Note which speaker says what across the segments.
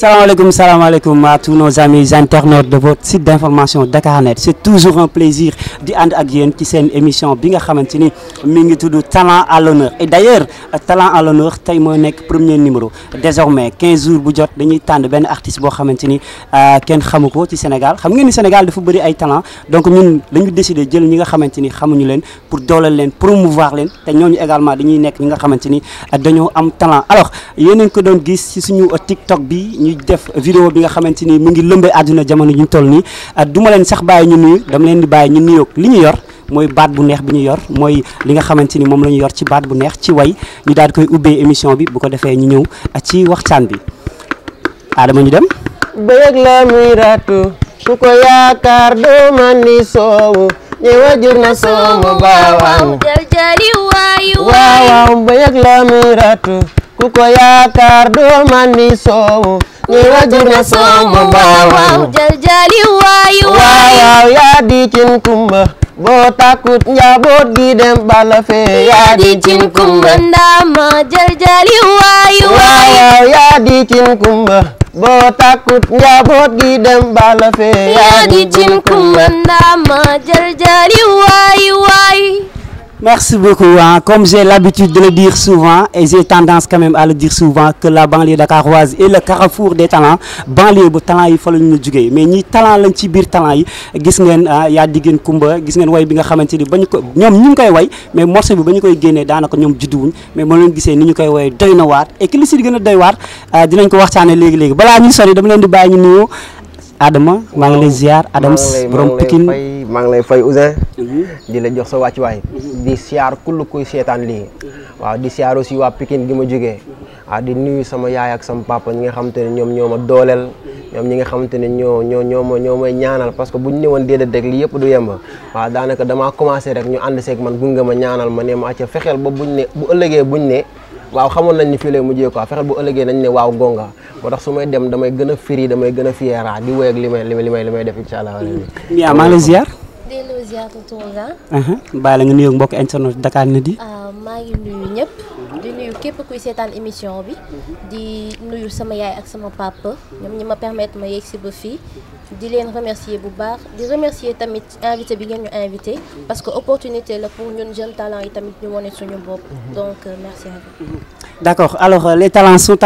Speaker 1: salaamaaleykum salaamaaleykum à tous nos amis internautes de votre site d'information Dakarnet c'est toujours un plaisir di ànd ak yéen ci seen émission bi nga xamante ni mi ngi tudd talent à l'honneur et d'ailleurs talent à l'honneur tey mooy nekk premier numéro désormais quinze jours bu jot dañuy tànn benn artiste boo xamante ni euh, kenn xamu ko ci Sénégal xam ngeen ni Sénégal dafa bëri ay talent donc ñun dañu décider jël ñi nga xamante ni xamuñu leen pour dooleel leen promouvoir leen te également dañuy nekk ñi nga xamante ni dañoo am talent alors yéen a ngi ko doon gis ci suñu bi ñuy bi nga xamante ni mu ngi lëmbee àdduna jamono ñu euh, ñu nuyu dama leen di bàyyi ñu nuyoog li ñu yor bu neex bi ñu yor mooy li nga xamante ni moom la ñu yor ci baat bu neex ci way ñu daal di koy ubbee émission bi bu ko defee ñu ñëw la muy ratu ku ko yaakaar
Speaker 2: doo man ni soowu ñëwa jur na soowu waaw
Speaker 3: waaw
Speaker 2: bëyëg la muy ratu ku ko yaakaar doo man ni soowu ni wajur na soomu waaw waaw
Speaker 3: jaljali waayu waaw yaa
Speaker 2: di cin kumba boo takkut njaboot gi dem bala fee yaa di cin kumba
Speaker 3: ndaama jaljali waayu waaw waaw yaa
Speaker 2: di cin kumba boo takkut njaboot gi dem bala fee
Speaker 1: Merci beaucoup. Hein. Comme j'ai l'habitude de le dire souvent, et j'ai tendance quand même à le souvent, que la banlieue dakaroise est le carrefour des talents. banlieue bu talent yi fa la ñu jugee mais ñi talent lañ ci biir talent yi gis ngeen ah, yaa diggéen Kumba gis ngeen way bi nga xamante ni ba ñu ko ñoom ñu ngi koy way mais morceau bi ba ñu koy génnee daanaka ñoom judduwuñ mais moo leen gisee ni ñu koy woyee doy na waar et gën a doy waar ah, dinañ ko waxtaane léegi-léegi balaa ñuy sori dama leen di bàyyi ñu nuyoo maa ngi lay ziar Adams borom Pikine maa ngi lay fay Ouzin
Speaker 2: mhm. di la jox sa wàccuwaay mhm. di siyaar kull kuy seetaan lii waaw di siyaar aussi waa Pikine gi ma jógee waaw di nuyu sama yaay ak sama papa ñi nga xamante ne ñoom ñoo ma dooleel ñoom ñi nga xamante ne ñoo ñoo ñoo ma ñoo may ñaanal parce que bu ñu ñëwoon déedéet rek lii yëpp du yemb waaw daanaka damaa commencé rek ñu ànd seek man gunge ma ñaanal ma ne ma acca fexeel ba buñ ne bu ëllëgee buñ ne waaw xamoon nañ ni fii lay mujjee quoi fexeel bu ëllëgee nañ ne waaw gonga moo tax su may dem damay gën a firi damay gën a fiera di wéy ak li may li may li may def incha allah. Mia ziar Touré.
Speaker 1: bàyyi la nga nuyoog mbokki internet Dakar ne di.
Speaker 3: Ah, maa ngi nuyu ñëpp. di nuyu képp kuy seetaan émission bi. di nuyu sama yaay ak sama papa. ñoom ñi ma permettre ma yegg si ba fii. di leen remercier bu baax di remercier tamit invité bi ngeen ñu invité. parce que opportunité la pour ñun jeunes talents yi tamit ñu wane suñu bopp. donc euh, merci à vous.
Speaker 1: d' accord alors euh, les talents sont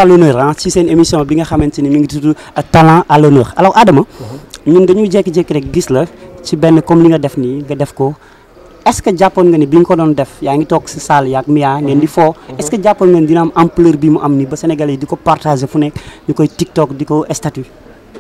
Speaker 1: ci seen émission bi nga xamante ni mu ngi tudd euh, talent à l'honneur alors Adama. Mhm. ñun dañuy jékki rek gis la. ci benn comme li nga def nii nga def ko est-ce que jàppoon nga ni bi nga ko doon def yaa ngi toog si salle yaak Mia ngeen mhm. di foo mhm. est-ce que jàppoon nga ni dina am ampleur bi mu am ni ba Sénégalais di ko partager fu nekk ñu koy TikTok di ko statut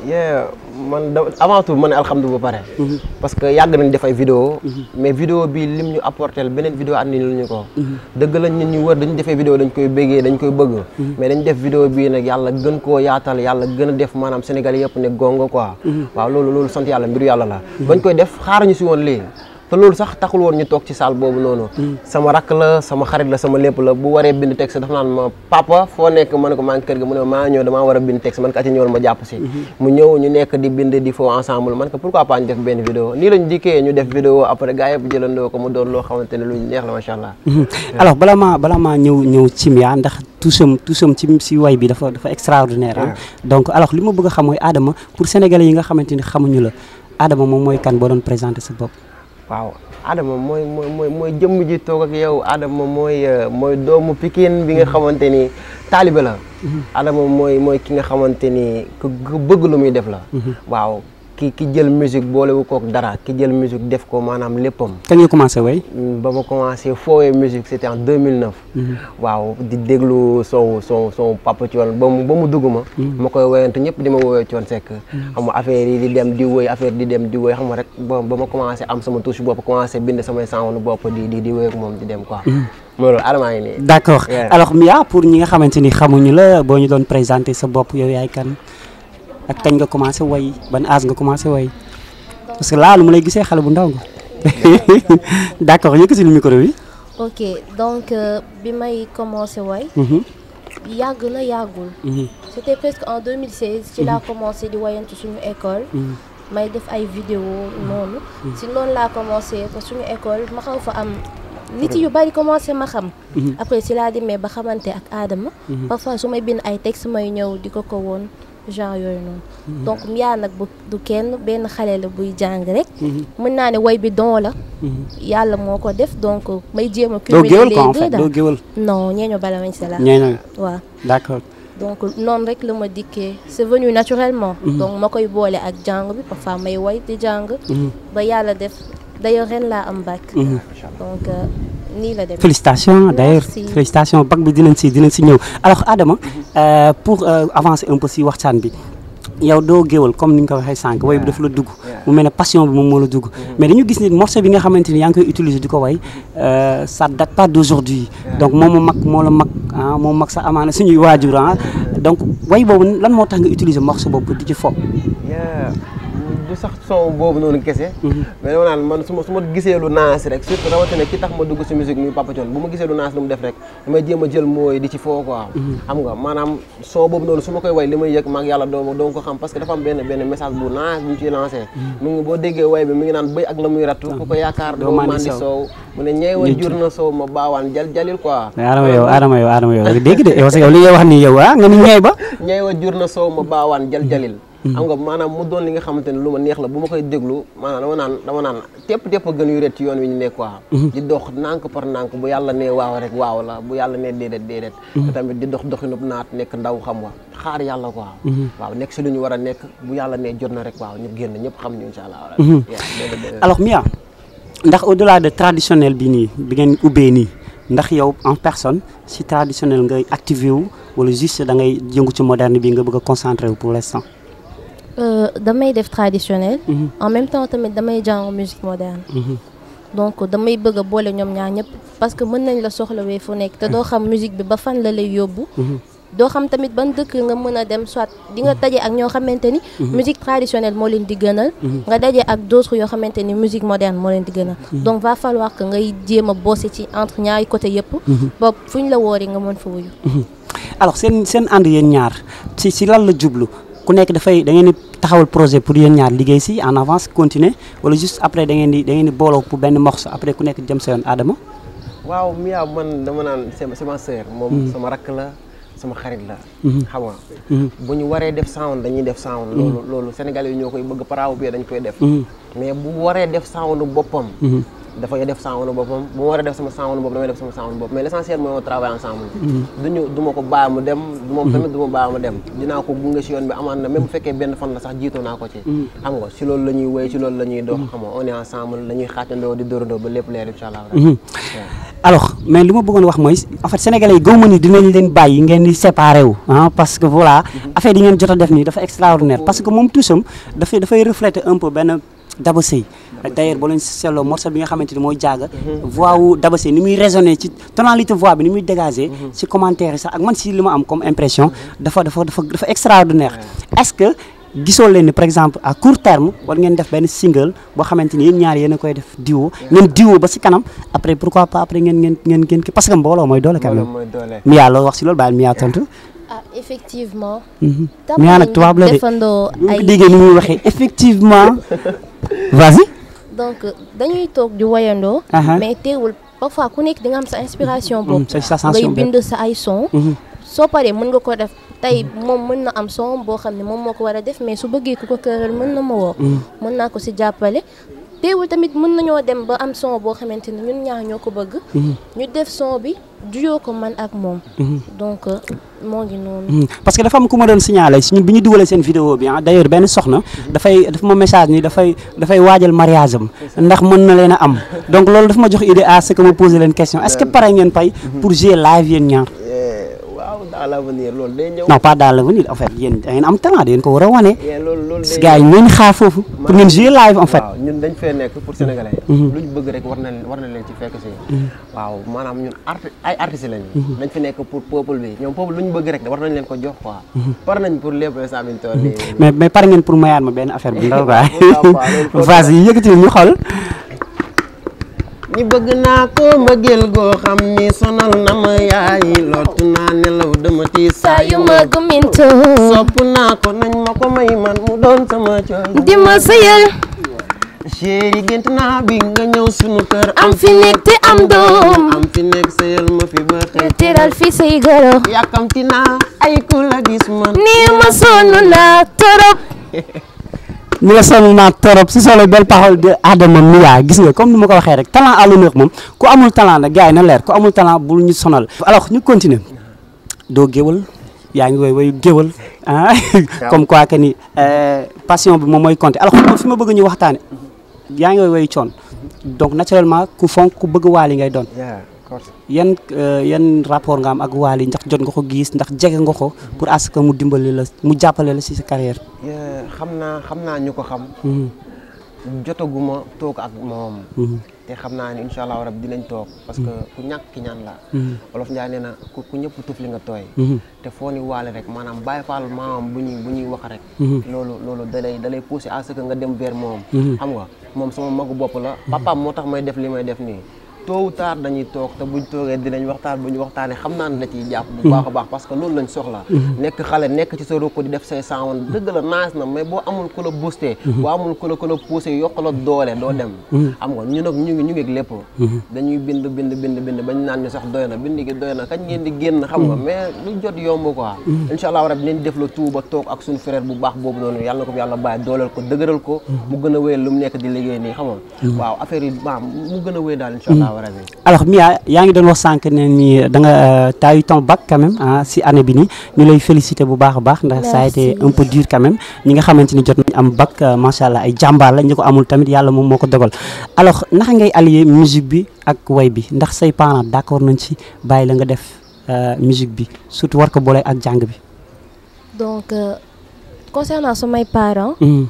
Speaker 2: yeah man da avant tout ma ne ba pare. Mhm. parce que yàgg nañ def ay vidéo mhm. mais vidéo bi lim ñu apporter beneen vidéo andi ñu ko. Mhm. dëgg lañ ñun ñu wër dañu defee vidéo dañ koy béggee dañ koy bëgg. mais dañ def vidéo bii nag yàlla gën koo yaatal yàlla gën a def maanaam Sénégal yëpp ne gongo quoi. waaw loolu loolu sant yàlla mbiru yàlla la. bañ koy def xaar ñu si woon lii. te loolu sax taxul woon ñu toog ci salle boobu noonu. Hmm. sama rakk la sama xarit la sama lépp la bu waree bind texte dafa naan ma papa foo nekk ma ne ko maa ngi kër ga mu ne maa ñëw damaa war a bind texte man ko ati ñëwal ma jàpp si. Hmm. mu ñëw ñu nekk di bind di foo ensemble man ko pourquoi pas ñu def benn vidéo nii lañ dikkee ñu def vidéo après gars yëpp jëlandoo ko mu doon loo xamante ne lu neex la macha allah.
Speaker 1: Hmm. alors bala maa bala maa ñëw ñëw Cimia ndax tuusam tuusam ci si way bi dafa dafa extraordinaire donc alors li ma bëgg a xam mooy Adama pour sénégalais yi nga xamante ni xamuñu la Adama moom mooy kan boo doon présenter sa bopp
Speaker 2: waaw Adama mooy mooy mooy jëmm ji toog ak yow Adama mooy euh, mooy doomu pikin bi nga mm-hmm. xamante ni taalibe la mm-hmm. Adama mooy mooy ki nga xamante ni ku bëgg lu muy def la mm-hmm. ki ki jël musique boolewu kook dara ki jël musique def ko maanaam léppam.
Speaker 1: kañ nga commencé way.
Speaker 2: Mm, ba ma commencé foowee musique c'était en 2009. Mhm. waaw di déglu son son son papa ba mu ba mu dugg ma. Mhm. ma koy woyante ñëpp di ma woowee Thione Seck. Mhm. xam nga affaire yi di dem di woy affaire ba ba ma commencé am sama touche bopp commencé bind samay sanganu bopp di di
Speaker 1: pour ñi nga xamante ni xamuñu la boo ñu doon présenter sa bopp yow yaay kan. ak kañ nga commencé way ban âge nga commencé way parce que laa lu ma lay gisee xale bu ndaw nga d'accord ñu ko si bi.
Speaker 3: ok donc euh, bi may commencé way. Mhm. yàgg na yàggul. Mhm. c'était presque en ci laa mhm. commencé di wayantu suñu école. may def ay vidéo noonu. si noonu laa commencé suñu école ma xaw fa am. nit yu bari commencé ma xam. après si laa demee ba xamante ak Adama. parfois su may bind ay textes may ñëw di ko ko woon. genre yooyu noonu. Mhm. donc yaa nag bu du kenn benn xale la buy jàng rek. Mhm. mën naa ne way bi don la. Mhm. yàlla moo ko def donc may jéem a. doo géwël quoi en fait doo la. ñeeño
Speaker 1: waaw d'accord.
Speaker 3: donc noonu rek la ma dikkee c'est venu naturellement. donc ma koy boole ak jàng bi parfois may jàng. ba yàlla def d'ailleurs ren am bac. Euh, nii la demee félicitations d'ailleurs
Speaker 1: félicitations bac bi dinañ si dinañ si ñëw alors Adama mhm. euh, pour euh, avancer un peu si waxtaan bi yow doo géwal comme ni nga ko waxee sànq way bi dafa la dugg mu mel ne passion bi moom moo la dugg mhm. mais dañu gis ni morceau bi nga xamante ni yaa ngi di ko way euh, ça date pas d'aujourd'hui donc moom ma mag moo la mag ah moom mag sa amaana suñuy waajur ah donc way boobu lan moo tax nga utiliser morceau bopp di ci fo
Speaker 2: du mhm. ma su ma gisee ki tax ma dugg si musique a jël mooy di ci foo quoi. Mhm. xam nga ma koy way am benn benn message bu naas bu ñu ciy lancé. Mhm. mu ngi boo déggee way bi mi ngi naan béy ak soow mu ne ñeewa jur na soow ma baawaan jal jalil quoi.
Speaker 1: Adama yow Adama yow Adama yow dégg de yow li ngay wax nii yow ah nga ni ñeew ba. ñeewa
Speaker 2: jur na soow ma baawaan jal jalil Mm-hmm. xam nga maanaam mu doon li nga xamante ne lu ma neex la bu ma koy déglu maanaam dama naan tepp tepp a gën yu ret ci yoon wi ñu nekk quoi mm-hmm. di dox nànk par nànk bu yàlla nee waaw rek waaw la bu yàlla nee déedéet déedéet mm-hmm. te tamit di dox doxinub naat nekk ndaw xam wa xaar yàlla ko waaw nekk si lu ñu war a nekk bu yàlla nee jot na rek waaw ñu génn ñëpp xam ñu incha allah alors
Speaker 1: a ndax au delà de traditionnel bi nii bi ngeen ubbee nii ndax yow en personne si traditionnel ngay activé wu wala juste da ngay yëngu ci moderne bi nga bëgg a concentré wu pour l'instant
Speaker 3: Euh, damay def traditionnel. Mhm. en même temps tamit damay jàng musique moderne. Mhm. donc damay bëgg a boole ñoom ñaar ñëpp parce que mën nañ la soxlawee fu nekk te doo xam musique bi ba fan la lay yóbbu. Mhm. doo xam tamit ban dëkk nga mën a dem soit di nga daje ak ñoo xamante ni. musique traditionnelle moo leen di gënal. nga daje ak d'autres yoo xamante ni musique moderne moo leen di gënal. donc va falloir que ngay jéem a bosser ci entre ñaari côté yëpp. ba fu ñu la wooree nga mën fa wuyu.
Speaker 1: alors seen seen ànd yéen ñaar ci ci la jublu ku nekk dafay da ngeen di taxawul projet pour yéen ñaar liggéey si en avance continuer wala juste après dangeen di da ngeen di booloo pour benn morceau après ku nekk jëm sa yoon Adama.
Speaker 2: waaw Mia man dama naan c'est ma moom mm-hmm. sama rakk la sama xarit la. Mm-hmm. xam nga. Mm-hmm. bu ñu waree def sound dañuy def sound. loolu loolu sénégal yi ñoo koy bëgg paraaw bi dañ koy def. mais bu waree def sound boppam. dafay def sanwanu boppam bu ma war a def sama sama sanwanu mais l'essentiel mooy on travaille ensemble mm-hmm. duñu du ma ko bàyyi mu dem moom mm-hmm. tamit du ma mu dem dinaa ko gunge si yoon bi amaan na même bu fekkee benn fan la sax jiitoo naa ko ci mm-hmm. xam
Speaker 1: nga mais li ma bëggoon wax mooy en fait sénégalais yi gëw leen bàyyi ngeen di parce que voilà affaire yi ngeen jot a def nii dafa extraordinaire oh. parce que moom tuusam dafay dafay refléter un peu Daba Seye d'ailleurs boo leen seetloo bi nga xamante mooy jaaga mhm. voix Daba Seye ni muy résonné ci tonalité voix ni muy dégagé mhm. ci commentaire sax ak man si li ma am comme impression mhm. dafa dafa dafa dafa ngeen def a ba si kanam après pourquoi pas après ngeen ngeen ngeen parce que mbooloo mooy doole quand même Mia loolu wax si loolu bàyyi Mia tontu
Speaker 3: ah effectivement
Speaker 1: Mia nag tubaab la de ni muy waxee effectivement vas
Speaker 3: donc dañuy toog di woyandoo. mais teewul parfois ku nekk di nga am sa inspiration mm, boobu. ngay bind sa ay son. Mhm. soo paree mën nga ko def. tey moom mën na am son boo xam ne moom moo ko war a def mais su bëggee ku ko këral mën na ma woo. Mhm. mën naa ko si jàppale teewul tamit mën nañoo dem ba am son boo xamante ni ñun ñaar ñoo ko bëgg. Mhm. ñu def son bi duyoo ko man ak moom. Mhm. donc euh, moo ngi noonu. Mhm.
Speaker 1: parce que dafa am ku ma doon signalé si ñun bi ñu dugalee seen vidéo bi ah d' benn soxna. dafay dafa ma message ni dafay dafay waajal mariage am. ndax mën na leen a am. donc loolu dafa ma jox idée à que ma posé leen question est ce que euh, pare ngeen pay. pour jouer live yéen ñaar.
Speaker 2: à l'avenir loolu day
Speaker 1: ñëw. non pas dans am talent da ngeen ko war a wane. loolu loolu foofu. pour ngeen jouer live en fait. waaw
Speaker 2: dañ fee nekk pour sénégalais. lu ñu lu ñu bëgg rek war nañ leen ko jox quoi. par mhm.
Speaker 1: par mhm. ngeen pour mayaat ma benn affaire bu ndaw quoi. vas-y yëkkati ñu xool.
Speaker 2: ni bëgg naa ko mbëggeel goo xam ni sonal na ma yaay lott naa nelaw dama tiis saa yu ma gumminto naa ko nañ ma ko may man mu doon sama coono di ma sëyal chéri gént naa bi nga ñëw sunu kër am fi nekk te am doom am fi nekk sëyal ma fi ba xëy teral fi say naa ay ku la gis man nii ma sonn naa torop
Speaker 1: ñu la sonal naa torop si solo belle parole de Adama Mia gis nga comme ni ma ko waxee rek talent à l'honneur moom ku amul talent nag gars yi na leer ku amul talent bul ñu sonal. alors ñu continuer doo géwal yaa ngi woy woy géwal ah comme quoi que ni euh, passion bi moom mooy compter alors xam fi ma bëgg ñu waxtaane yaa ngi woy woy coon donc naturellement ku fonk ku bëgg waa li ngay doon. yan eh, yan rapport nga am ak Wally ndax jot nga ko gis ndax jege nga ko. pour à que mu dimbali la mu jàppale la si sa carrière.
Speaker 2: xam naa xam naa ñu ko xam. Mhm. jotaguma toog ak moom. Mhm. te xam naa ni incha allahu rabi dinañ toog. parce que mhm. ku ñàkk ki ñaan la. olof Ndiaye nee na ku ñëpp tuf li nga tooy. te foo ni waale rek maanaam bàyyi faal maam bu bu ñuy wax rek. loolu loolu dalay dalay poussé à ce nga dem beer moom. xam nga moom sama magu bopp la. papaam moo tax may def li may def nii. tôt ou tard dañuy toog te buñ toogee dinañ waxtaan bu waxtaanee xam naa ne na ciy jàpp bu mhm. baax a baax parce que loolu lañ soxla mhm. nekk xale nekk ci sa roko di def say sanwoon dëgg la naas la naan ñu sax doy na bind gi doy na kañ génn xam nga mhm. mais lu jot yomb quoi incha allah rabbi nañ def la tout ba toog ak suñu frère bu baax boobu noonu yàlla na ko yàlla bàyyi dooleel ko dëgëral ko mu gën a wéyal lu mu nekk di liggéey nii xam nga waaw affaire yi maam mu gën a wéy
Speaker 1: alors Mia yaa ngi doon wax sànq ni euh, da nga euh, t'as eu ton bac quand si année bi nii ñu lay féliciter bu baax a baax ndax ça a été un peu dur quand même ñi nga xamante ni jot nañ am bac euh, macha allah ay jàmbaar la ñu ko amul tamit yàlla moom moo ko dogal alors naka ngay allier musique bi ak way bi ndax say parents d'accord nañ ci bàyyi la nga def musique bi surtout war ko boole ak jàng bi.
Speaker 3: donc concernant samay parents. Mm-hmm.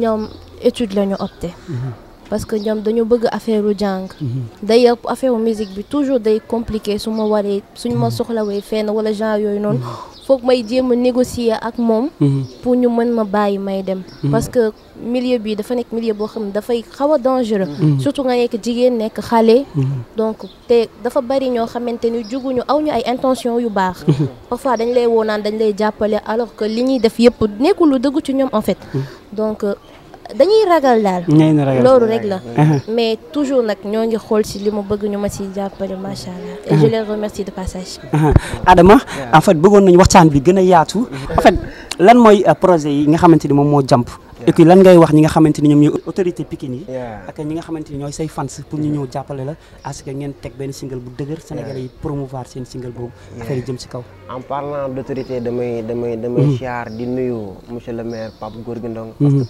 Speaker 3: ñoom étude la parce que ñoom dañu bëgg affaire u jàng mhm. day affaire u musique bi toujours day compliqué su ma waree suñ ma mhm. soxlawee fenn wala genre yooyu noonu mhm. foog may jéem a négocier ak moom pour ñu mën ma bàyyi may dem parce que milieu bi dafa nekk milieu boo xam ne dafay xaw a dangereux surtout nga nekk jigéen nekk xale donc te dafa bari ñoo xamante ni juguñu aw ñu ay intention yu baax parfois dañ lay woonaan dañ lay jàppale alors que li ñuy def yëpp nekkul lu dëgg ci ñoom en fait euh, dañuy ragal daal. loolu rek la. mais toujours nag ñoo ngi xool si li mu bëgg ñu ma si jàppale macha allah. et je les remercie de passage.
Speaker 1: Adama en fait bëggoon nañu waxtaan bi gën a yaatu. en fait lan mooy euh, projet yi nga xamante ni moom moo jàmp. et puis lan ngay wax ñi nga xamante ni ñoom ñooy que ngeen teg benn single bu dëgër Sénégalais yi promouvoir seen single boobu affaire d'
Speaker 2: autorité damay mm-hmm.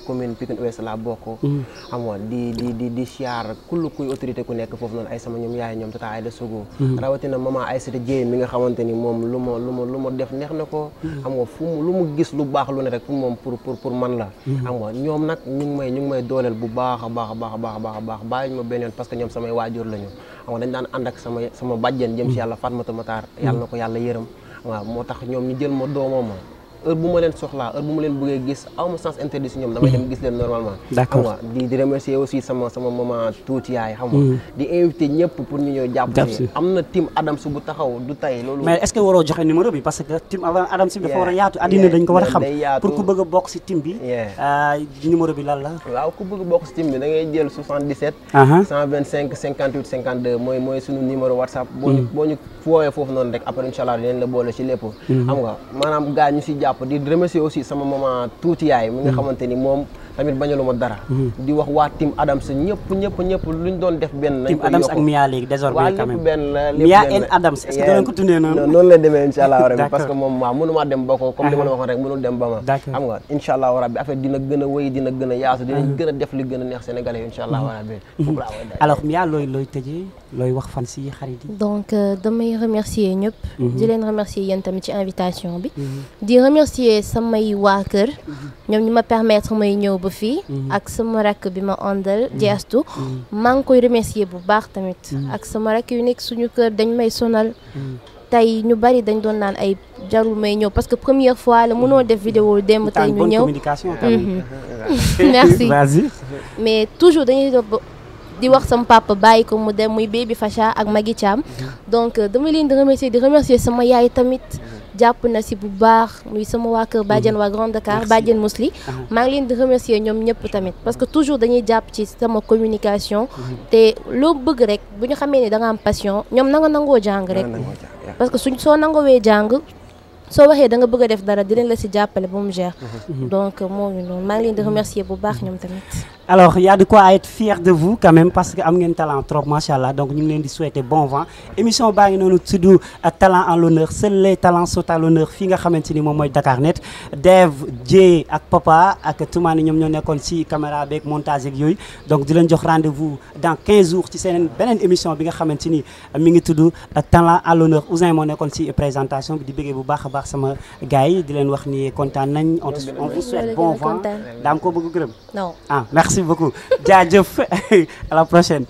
Speaker 2: mm-hmm. laa bokk mm-hmm. di siyaar kull kuy autorité ku nekk foofu noonu ay sama ñoom yaay ñoom tata Aïda Sogo rawatina maman Aïssata Dieye mi nga xamante ni moom lu ma lu ma def neex na ko xam mu lu mu gis lu baax lu ne rek fu moom pour pour pour man la ma ñoom nag ñu ngi may ñu ngi may dooleel bu baax a baax a baax a baax a baax a baax bàyyi ma benn yoon parce que ñoom samay waajur lañu xam nga dañ daan ànd ak sama sama bàjjen jëm si yàlla Fatmata Matar yàlla na ko yàlla yërëm waaw moo tax ñoom ñu jël ma doomoo ma heure bu ma leen soxlaa heure bu ma leen bëggee gis aw sens interdit si ñoom damay dem gis leen normalement d'accord di remercier aussi sama sama tuuti yaay xam nga mm. di invité ñëpp pour ñu ñëw jàpp si am na team Adams bu taxaw du tay loolu mais est-ce que waroo mooy suñu numéro WhatsApp boo ñu mm. boo ñu foofu noonu rek après incha allah la boole ci lépp mm-hmm. xam nga maanaam gaa ñu si jàpp papa di remercier aussi sama maman tuuti yaay mi nga xamante ni moom tamit bañaluma dara. Mhm. di wax waa team Adams ñëpp ñëpp ñëpp luñ doon def benn. nañ ko noonu. noonu lay demee incha allah rabi parce que moom waaw dem ba ko li ma
Speaker 1: a wéy a looy tëjee looy wax fan si xarit yi. Euh, damay
Speaker 3: remercier ñëpp. Mhm. di leen remercier yéen tamit ci invitation bi. Mhm. di remercier samay waa kër ñoom ñi ma permettre may ñëw yóbbu fii mhm. ak sama rakk bi ma ondal jeestu mhm. mhm. maa ngi koy remercier bu baax tamit ak sama rakk yu nekk suñu kër dañ may sonal tey ñu bari dañ doon naan ay jarul may ñëw parce que première fois la mënoo def vidéo démb tey ñu ñëw merci mais toujours dañuy doon di wax sama papa bàyyi ko mu dem muy Baby Facha ak Magui donc euh, dama leen di remercier di remercier sama yaay tamit jàpp na si bu baax muy sama waa kër Badiane mm-hmm. waa Grand Dakar Badiane Mousli uh-huh. maa ngi leen di remercier ñoom ñëpp tamit parce que toujours dañuy jàpp ci sama communication mm-hmm. te loo bëgg rek bu ñu xamee ne da am passion ñoom na nga nangoo jàng rek parce que suñ soo nangoowee jàng soo waxee da nga bëgg def dara dinañ la si jàppale ba mu gère mm-hmm. donc moo ngi maa leen di remercier bu baax ñoom tamit
Speaker 1: alors y a de quoi être fier de vous quand parce que am ngeen talent trop macha allah donc ñu ngi leen di souhaiter bon vent émission baa ngi noonu tudd euh, talent en l'honneur seuls les talents sont l'honneur fii nga xamante ni moom mooy Dakar Net Dev Dieye ak papa ak Toumane ñoom ñoo nekkoon ci caméra beeg montage ak yooyu donc di leen jox rendez-vous dans 15 jours ci seen beneen émission bi nga xamante ni euh, mi ngi tudd euh, talent en l'honneur Ousin moo nekkoon ci présentation bi di bëggee bu baax a baax sama gars yi di leen wax ni kontaan nañ on vous souhaite gërëm merci beaucoup jaajëf à la prochaine